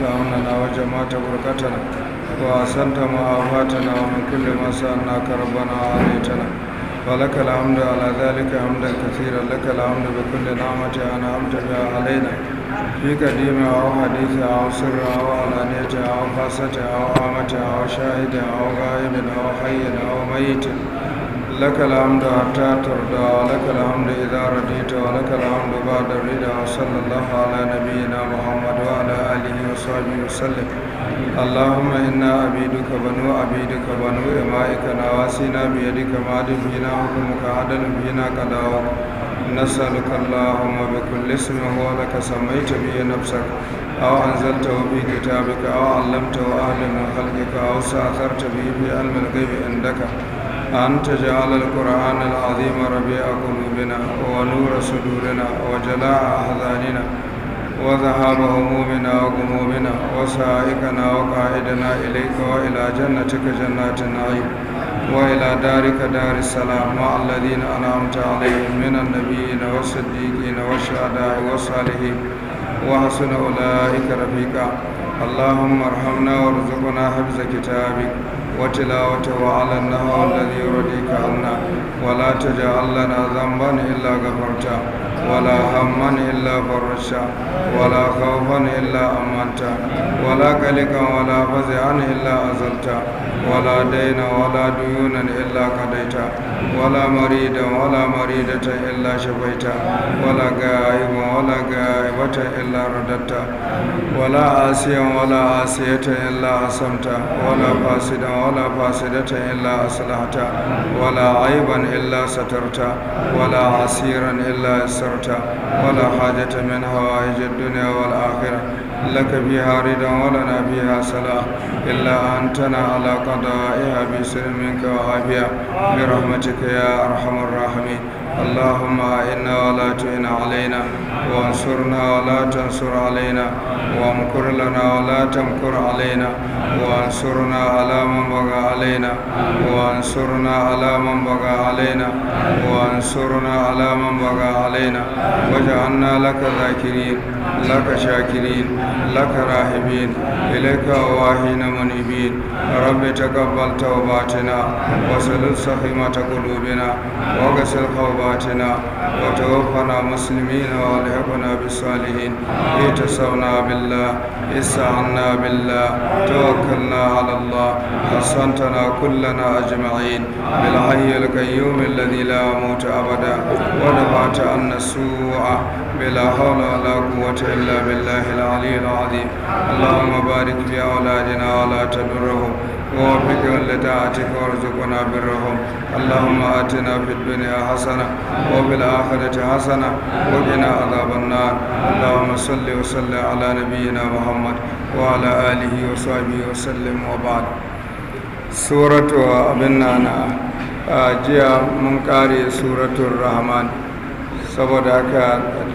جمعت أمننا وجمعت بركتنا وأحسنت مآباتنا ومن كل ما سألناك ربنا وعليتنا ولك الحمد على ذلك حمدا كثيرا لك الحمد بكل نعمة أنعمت بها علينا في قديم أو حديث أو سر أو علانية أو خاصة أو عامة أو شاهد أو غائب أو حي أو ميت لك الحمد حتى ترضى ولك الحمد إذا رضيت ولك الحمد بعد الرضا وصلى الله على نبينا محمد وعلى آله وصحبه وسلم اللهم إنا عبيدك بنو عبيدك بنو إمائك نواسينا بيدك ماد فينا حكمك عدل فينا قضاؤك نسألك اللهم بكل اسم هو لك سميت به نفسك أو أنزلته في كتابك أو علمته أهل من خلقك أو سأثرت به في علم الغيب عندك أن تجعل القرآن العظيم ربيع قلوبنا ونور صدورنا وجلاء أحزاننا وذهاب همومنا وغمومنا وسائقنا وقائدنا إليك وإلى جنتك جنات النعيم وإلى دارك دار السلام مع الذين أنعمت عليهم من النبيين والصديقين والشهداء والصالحين وحسن أولئك رفيقا اللهم ارحمنا وارزقنا حفظ كتابك وتلاوته على النهار الذي يرديك عنا ولا تجعل لنا ذنبا إلا غفرته ولا هما إلا فرشا ولا خوفا إلا أمنتا ولا قلقا ولا فزعا إلا أزلتا ولا دينا ولا ديونا إلا قضيتا ولا مريدا ولا مريدة إلا شفيتا ولا غائبا ولا غائبة إلا رددتا ولا عاسيا ولا عاسية إلا عصمتا ولا فاسدا ولا فاسدة إلا أصلحتا ولا عيبا إلا سترتا ولا عسيرا إلا يسرتا طلبت ولا حاجة من هوائج الدنيا والآخرة لك بها رضا ولنا بها صلاة إلا أنتنا على قضائها بسر منك وعافية برحمتك يا أرحم الراحمين اللهم إنا ولا تعن علينا وانصرنا ولا تنصر علينا وامكر لنا ولا تمكر علينا وانصرنا على من بغى علينا وانصرنا على من بغى علينا وانصرنا على من بغى علينا واجعلنا لك ذاكرين لك شاكرين لك راهبين إليك أواهين منيبين رب تقبل توباتنا وسلل سخيمة قلوبنا وغسل خوباتنا وأمواتنا وتوفنا مسلمين والحقنا بالصالحين اتصلنا بالله استعنا بالله توكلنا على الله حصنتنا كلنا أجمعين بالحي القيوم الذي لا موت أبدا ودفعت عنا السوء ربي لا حول ولا قوة إلا بالله العلي العظيم اللهم بارك في أولادنا ولا تدرهم ووفقهم لطاعتك وارزقنا برهم اللهم آتنا في الدنيا حسنة وفي الآخرة حسنة وقنا عذاب النار اللهم صل وسلم على نبينا محمد وعلى آله وصحبه وسلم وبعد سورة أبنانا jiya mun kare suratun rahman saboda haka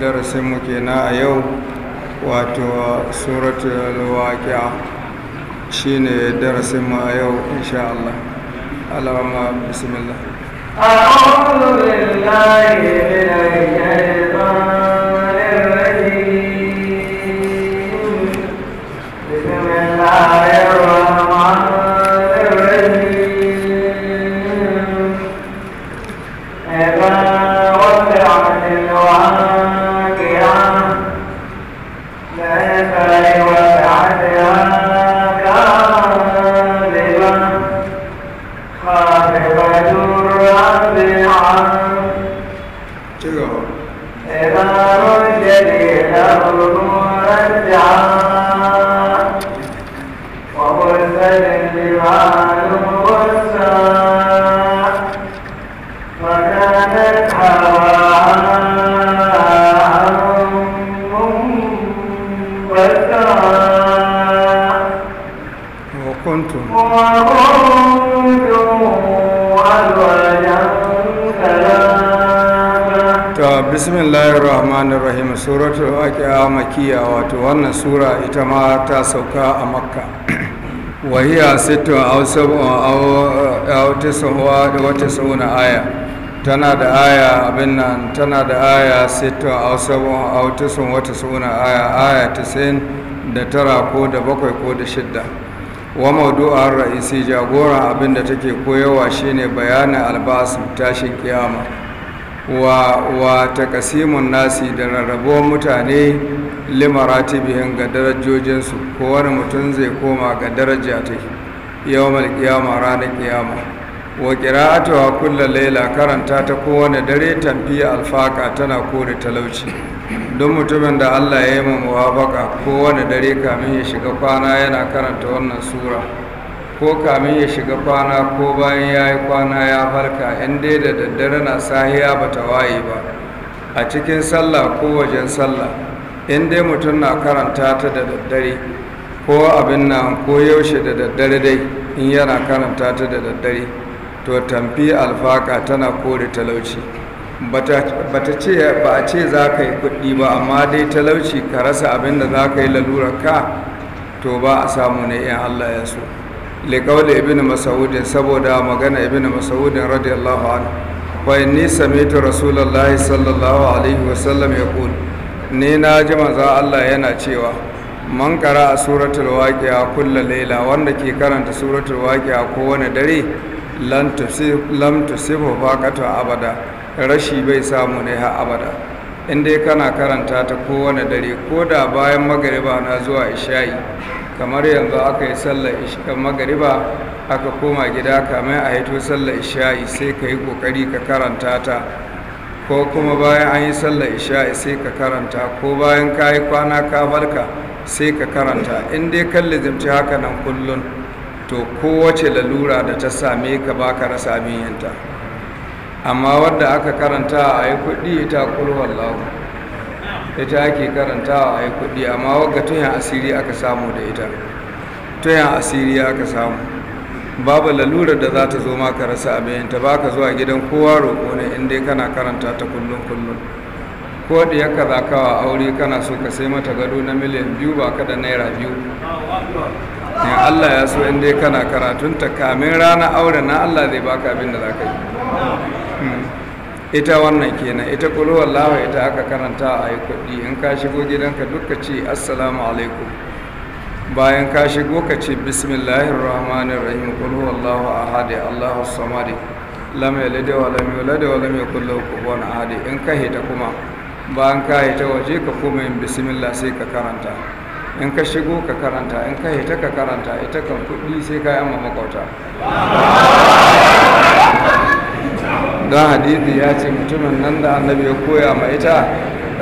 darasinmu kenan a yau wato suratu waqi'a shine darasinmu a yau insha Allah Allahumma bismillah billahi minash shaitanir الشيطان bismillahir rahmanir rahim suratul waqi'a makkiya wato wannan sura ita ma ta sauka a makka wa hiya sittu aw sab'u aw tis'u wa tis'una aya tana da aya abin nan tana da aya sittu aw sab'u aw tis'u wa tis'una aya aya 90 da tara ko da bakwai ko da shidda wa mawdu'ar ra'isi jagoran abin da take koyawa shine bayanin albasu tashin kiyama wa wa takasimun nasi da rarrabuwar mutane limarati bihin ga darajojinsu kowane mutum zai koma ga daraja ta yawmal kiyama ranar kiyama wa qira'atuha kulla laila karanta ta kowane dare tamfiya alfaka tana kore talauci don mutumin da Allah ya yi mu muwafaka kowane dare kamin ya shiga kwana yana karanta wannan sura ko kamin ya shiga kwana ko bayan ya yi kwana ya farka in dai da daddare na sahiya ba ta waye ba a cikin sallah ko wajen sallah in dai mutum na karanta ta da daddare ko abin nan ko yaushe da daddare dai in yana karanta ta da daddare to tamfi alfaka tana kore talauci ta ce ba a ce za ka yi kuɗi ba amma dai talauci ka rasa abin da za ka yi lalurar ka to ba a samu ne in allah ya so liƙauli ibn masaudin saboda magana ibn masaudin radiyallahu anhu wa inni samitu rasulullahi sallallahu alaihi wasallam ya kul ni na ji maza Allah yana cewa man kara a suratul a kulla laila wanda ke karanta suratul a kowane dare lam tusifu faqatu abada rashi bai samu ne ha abada in dai kana karanta ta kowane dare ko da bayan magariba na zuwa ishayi kamar yanzu aka yi sallar magariba aka koma gida kamar a haito sallar isha'i sai ka yi ƙoƙari ka karanta ta ko kuma bayan an yi sallar isha'i sai ka karanta ko bayan ka yi kwana ka barka sai ka karanta in dai kan lizimci haka nan kullum to kowace lalura da ta same ka ba ka rasa abin yinta amma wadda aka karanta a yi kuɗi ita kulwallahu ita ake karantawa a yi kudi amma wagga tuyan asiri aka samu da ita tuyan asiri aka samu babu lalura da za ta zo maka rasa abin ta baka zuwa gidan kowa roƙo ne in dai kana karanta ta kullum kullum ko da ya kaza aure kana so ka sai mata gado na miliyan biyu ba ka da naira biyu in allah ya so in dai kana karatun ta kamin rana aure na allah zai baka abin da za ka yi ita wannan kenan ita kulu wallahi ita aka karanta a yi kuɗi in ka shigo gidanka duka ce assalamu alaikum bayan ka shigo ka ce bismillahir rahmanir rahim kulu wallahu ahad allahu samad lam yalid wa lam yulad wa lam yakul lahu kufuwan ahad in ka hita kuma bayan ka hita waje ka koma yin bismillah sai ka karanta in ka shigo ka karanta in ka hita ka karanta ita kan kuɗi sai ka amma makauta don hadithi ya ce mutumin nan da annabi ya koya ma ita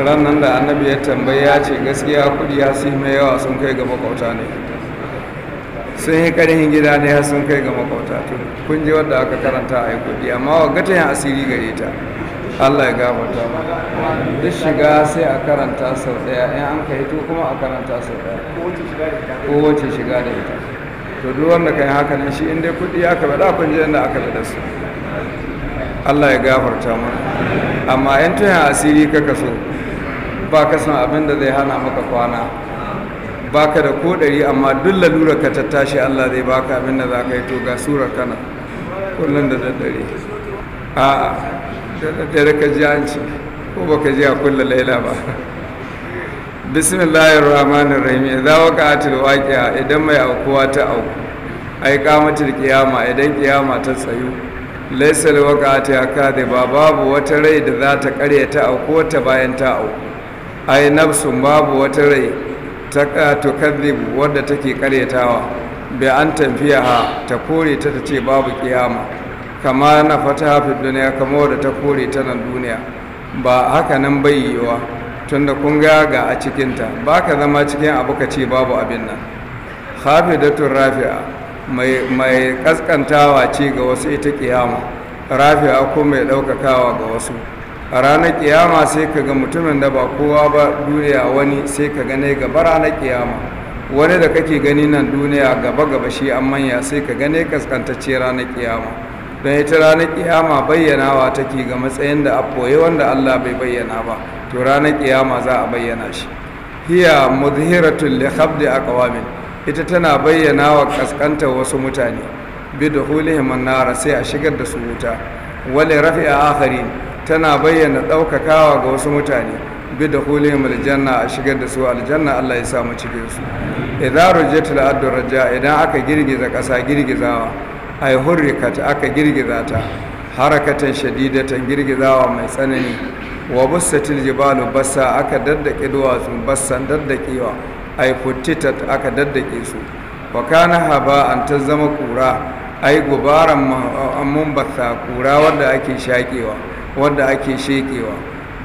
ran nan da annabi ya tambayi ya ce gaskiya kudi ya su mai yawa sun kai ga makauta ne sun yi karihin gida ne ya sun kai ga makauta tun. kun ji wadda aka karanta a yi kudi amma wa yin asiri gare ta Allah ya gafarta mu duk shiga sai a karanta sau daya in an kai to kuma a karanta sau daya ko wace shiga da ita to duk wanda kai haka nan shi inda kudi ya kaba da kun ji yadda aka da su allah ya gafarta mana amma yan tuyan asiri ka kaso ba ka san abin da zai hana maka kwana ba ka da ko ɗari amma duk lalura ka tattashi allah zai baka abin da za ka yi to ga surar kana kullum da daddare a da daddare ka ji an ce ko ba ka ji a kulla laila ba bismillahir rahmanir rahim idza waqa'atil waqi'a idan mai aukuwa ta auku ai qamatil qiyama idan qiyama ta tsayu laisar waka ta Ba babu wata rai da za ta karya ta auku ta bayan ta auku ai nafsun babu wata rai ta tukadhibu wadda take karyatawa bai an tafiya ha ta kore ta ta ce babu kiyama kama na fata hafi duniya kama wadda ta kore ta nan duniya ba haka nan bai yiwa tunda kun ga ga a cikinta ba ka zama cikin abu ka ce babu abin nan hafi da rafi'a mai kaskantawa ce ga wasu ita kiyama rafi'a ko mai ɗaukakawa ga wasu a ranar kiyama sai ka ga mutumin da ba kowa ba duniya wani sai ka gane gaba ranar kiyama wani da kake gani nan duniya gaba gaba shi an manya sai ka gane kaskantacce ranar kiyama don ita ranar kiyama bayyanawa take ga matsayin da afoye wanda allah bai bayyana ba to ranar kiyama za a bayyana shi hiya muzhiratul li khabdi aqwamin ita tana bayyana wa kaskanta wasu mutane bi duhulihim nara sai a shigar da su wuta wale a akari tana bayyana daukakawa ga wasu mutane bi duhulihim aljanna a shigar da su aljanna Allah ya samu cikin su idan rajatul addu raja idan aka girgiza ƙasa girgizawa ay hurrikat aka girgiza ta harakatan shadidatan girgizawa mai tsanani wa bussatil jibalu bassa aka daddake duwatsu bassan daddakewa ay futtitat aka daddake su wa kana haba an ta zama kura ay gubaran mun batsa kura wanda ake shakewa wanda ake shekewa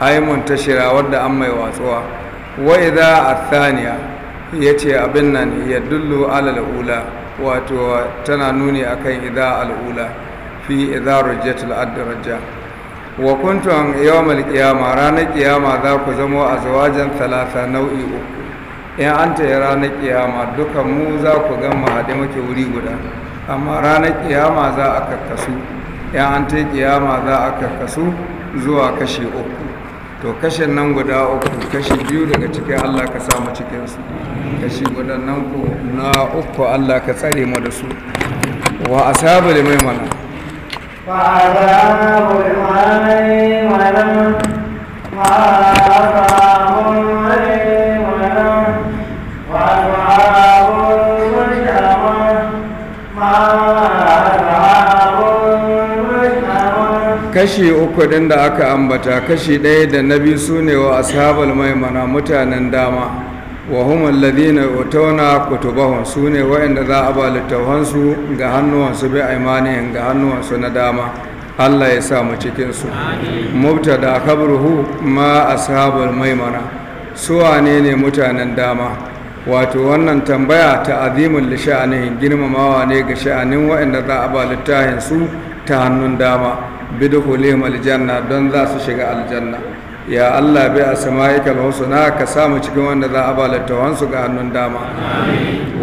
ay muntashira wadda an mai watsuwa wa idza athaniya yace abin nan ya dullu ala alula wato tana nuni akan idza alula fi idza rajjatul adraja wa kuntum yawmal qiyama ranar qiyama za ku zama azwajan thalatha nau'i uku in an ta yi ranar kiyama dukan mu za ku gan haɗe muke wuri guda amma ranar kiyama za a kakkasu in an ta kiyama za a kakkasu zuwa kashe uku to kashen nan guda uku kashi biyu daga cikin allah ka samu cikinsu kashi guda nan ku na uku allah ka tsare mu da su wa asabu limaimana fa azabu limaimana ma kashi uku din da aka ambata kashi ɗaya da na bi su ne wa ashabal maimana mutanen dama wa humul ladina utawna kutubahun su ne wa'inda za a ba littafansu ga hannuwansu bi aimanihim ga hannuwansu na dama Allah ya samu mu mubta da kabruhu ma ashabul maimana su wane ne mutanen dama wato wannan tambaya ta azimin lisha'anin girmamawa ne ga sha'anin wa'inda za a ba littafin su ta hannun dama bidhulihim aljanna don za su shiga aljanna ya Allah bi asma'ikal husna ka samu cikin wanda za a balattawan su ga hannun dama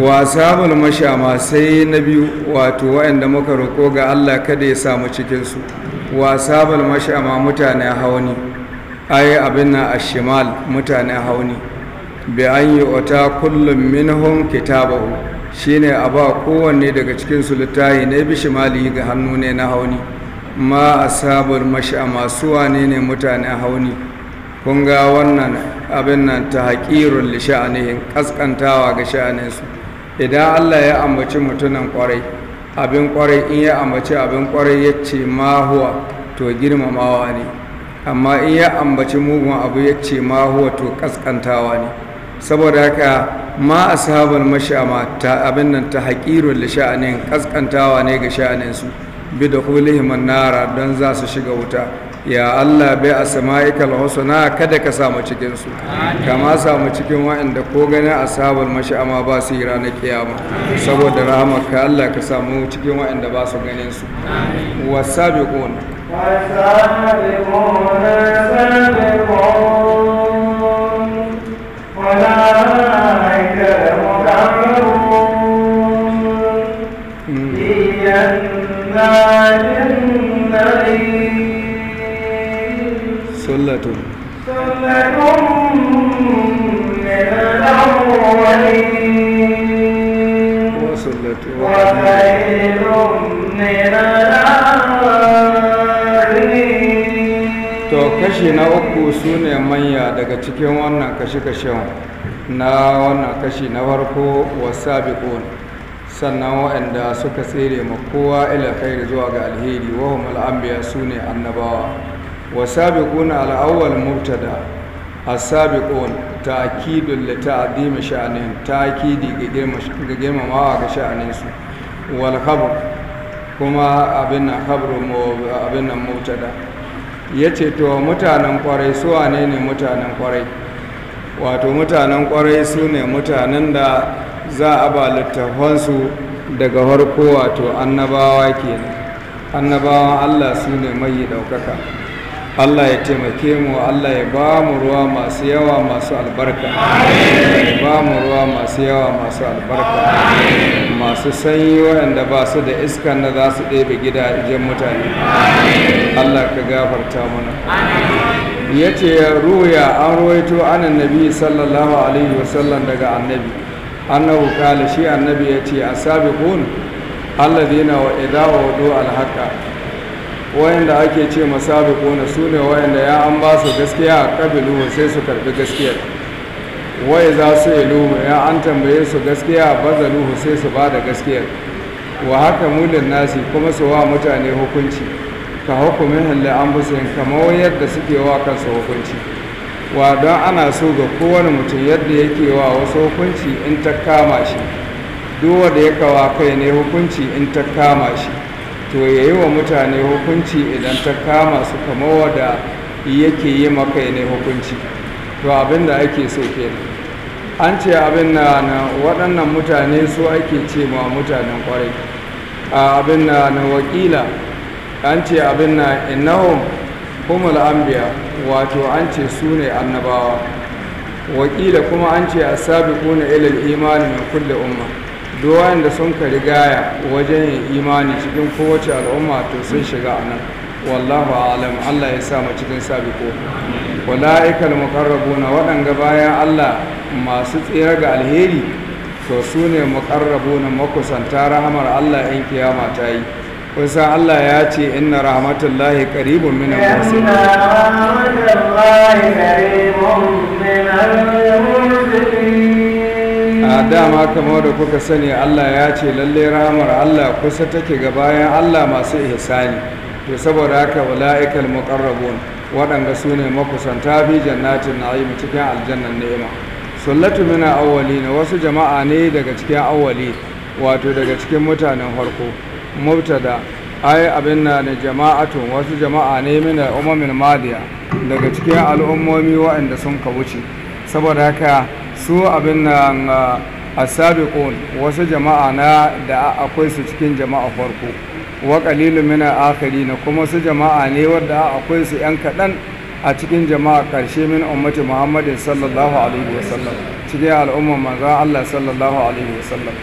wa sabul mashama sai na biyu wato wayanda muka roko ga Allah kada ya samu cikin su wa sabul mashama mutane hauni ai abin na ashimal mutane hauni bi an yi ota kullum minhum kitabahu shine a ba kowanne daga cikin su littahi ne bishimali ga hannu ne na hauni ma a mashi a masu wane ne mutane hauni kun ga wannan abin nan ta haƙirun li sha'anihin ƙasƙantawa ga sha'aninsu idan Allah ya ambaci mutunan ƙwarai abin ƙwarai in ya ambaci abin ƙwarai ya ce ma huwa to girmamawa ne amma in ya ambaci mugun abu ya ce ma huwa to ƙasƙantawa ne saboda haka ma a ashabul mashi a abin nan ta haƙirun li sha'anihin ƙasƙantawa ne ga sha'aninsu bi da hulihim nara don za su shiga wuta ya Allah bai a sama'ikal husna kada ka samu cikin su kama samu cikin wa'anda ko ganin asabar mashama ba su yi ranar kiyama saboda rahama ka Allah ka samu cikin wa'anda ba su ganin su wasabiqun wasabiqun وبركاته To kashi na uku su ne manya daga cikin wannan kashe-kashen na wannan kashi na farko wasa bikon sannan waɗanda suka tsere ma kowa ila kai zuwa ga alheri wa hum al'ambiya su ne annabawa wasabiquna al-awwal mubtada as-sabiqun ta'kidul li ta'zim sha'anin ta'kidi ga girmamawa ga sha'anin su wal khabar kuma abin nan khabru abin nan mubtada yace to mutanen kwarai su wane ne mutanen kwarai wato mutanen kwarai su ne mutanen da za a ba littafansu daga harko wato annabawa kenan annabawan Allah su ne mai ɗaukaka Allah ya taimake mu Allah ya ba mu ruwa masu yawa masu albarka ya ba mu ruwa masu yawa masu albarka masu sanyi waɗanda ba su da iskan da za su ɗebe gida ijen mutane Allah ka gafarta mana ya ce ya ruya an ruwaito anan nabi sallallahu alaihi wasallam daga annabi Annabu kala shi annabi ya ce Allah alladhina wa idha wudu alhaka. wayanda ake ce masabiquna sune wayanda ya an ba su gaskiya kabilu sai su karbi gaskiyar waye za su ilu ya an tambaye su gaskiya luhu sai su ba da gaskiyar wa haka mulin nasi kuma su wa mutane hukunci ka hukumin halle an busayin kamar yadda suke wa kansu hukunci wa don ana so ga kowane mutum yadda yake wa wasu hukunci in ta kama shi duk wanda ya kawa kai ne hukunci in ta kama shi to ya yi wa mutane hukunci idan ta kama su kama wada yake yi maka ne hukunci to abin da ake so kenan an ce abin na na waɗannan mutane su ake ce ma mutanen ƙwarai abin na na wakila an ce abin na innahum humul anbiya wato an ce su ne annabawa wakila kuma an ce a sabi kuna ilil imanin kulle umma duwayen da sun ka rigaya wajen yin imani cikin kowace al'umma to sun shiga a nan wallahu alam allah ya sa mu cikin sabiko wala'ikal na waɗanga bayan allah masu tsira ga alheri to su ne na makusanta rahmar allah in kiyama ta yi kusa allah ya ce inna rahmatullahi qaribun min al-muhsinin a dama kamar da kuka sani Allah ya ce lalle ramar Allah kusa take ga bayan Allah masu ihsani to saboda haka wala'ikal muqarrabun waɗanda su ne makusanta fi jannatin na'im cikin aljannan ni'ima sullatu min awwalina wasu jama'a ne daga cikin awwali wato daga cikin mutanen farko mubtada ai abin na ne jama'atu wasu jama'a ne min ummin madiya daga cikin al'ummomi waɗanda sun ka wuce saboda haka su abin nan asabiqun wasu jama'a na da akwai su cikin jama'a farko wa qalilu min na kuma su jama'a ne wadda akwai su yan kaɗan a cikin jama'a ƙarshe min ummati muhammadin sallallahu alaihi wasallam cikin al'ummar manzon Allah sallallahu alaihi wasallam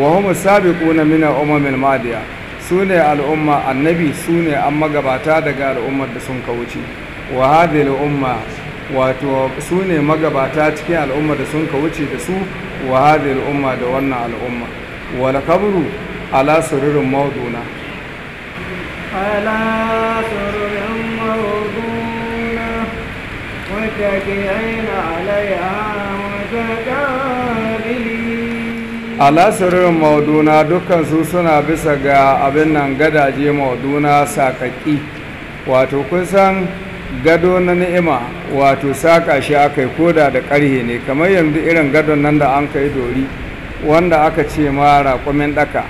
wa hum sabiquna min umamil madiya su ne al'umma annabi su ne an magabata daga al'ummar da sun kauce wa hadhihi al'umma wato su ne magabata cikin al'umma da sun ka wuce da su wa hadhihi al'umma da wannan al'umma Wani kabru ala sururin mawduna ala sururin mawduna muttaqi'ina alaiha mutaqabilin ala sururin mawduna dukkan su suna bisa ga abin nan gadaje mawduna sakaki wato kun san gado na ni'ima wato saƙa shi aka yi koda da ƙarhe ne kamar yanzu irin gadon nan da an kai dori wanda aka ce ma raƙumin ɗaka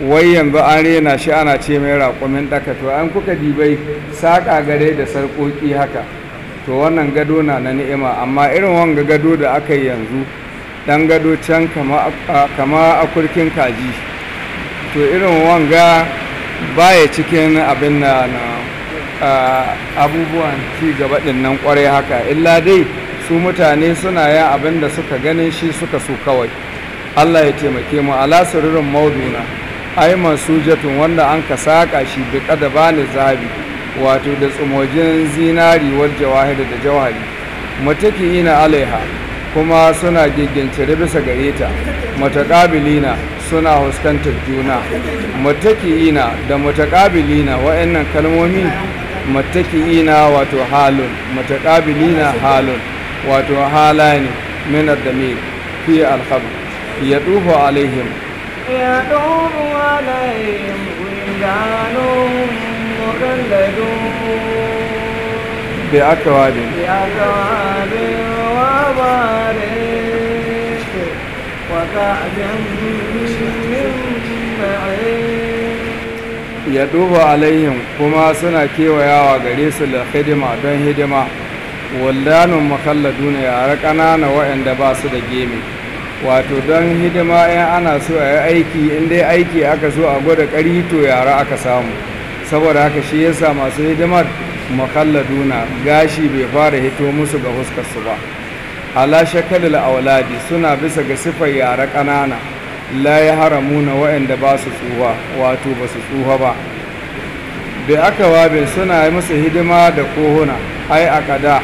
wai yanzu an rena shi ana ce mai raƙumin ɗaka to an kuka dibai saƙa gare da sarƙoƙi haka to wannan gado na na ni'ima amma irin wanga gado da aka yi yanzu ɗan gado can kama a kurkin kaji to irin wanga baya cikin abin na abubuwan ci gaba ɗin nan kwarai haka illa dai su mutane suna yin abin da suka ganin shi suka su kawai allah ya taimake mu ala sirrin mauduna ai masu jatun wanda an ka saƙa shi bi ni zabi, wato da tsumojin zinari wal jawahir da jawhari mataki ina alaiha kuma suna gigincire bisa gare ta mataƙabilina suna huskantar juna ina da mataƙabilina wa'annan kalmomi متكئين وتحال متقابلين واتو وتحالان من الدمير في الخبر يطوف عليهم يطوف عليهم ولدان مخلدون بأكواب بأكواب وبارك وكعب من معين ya duba alayhim kuma suna kewayawa gare su da hidima don hidima waldanun makalladuna yara ƙanana waɗanda ba su da gemi wato don hidima yan ana so a yi aiki in dai aiki aka so a gwada ƙarito, to yara aka samu saboda haka shi yasa masu hidimar makalladuna gashi bai fara hito musu ga su ba ala shakalil auladi suna bisa ga siffar yara ƙanana la ya haramu na wa'anda ba su tsuwa wato ba su tsuwa ba bai aka suna yi masa hidima da kohuna ai a kada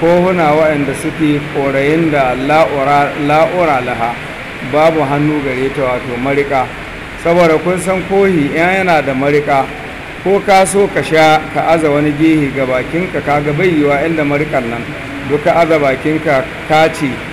kohuna wa'anda suke korayin da la'ura laha babu hannu gare ta wato marika saboda kun san kohi yan yana da marika ko ka so ka sha ka aza wani gehe ga bakinka kaga bayyawa inda marikan nan duka aza bakinka ka ce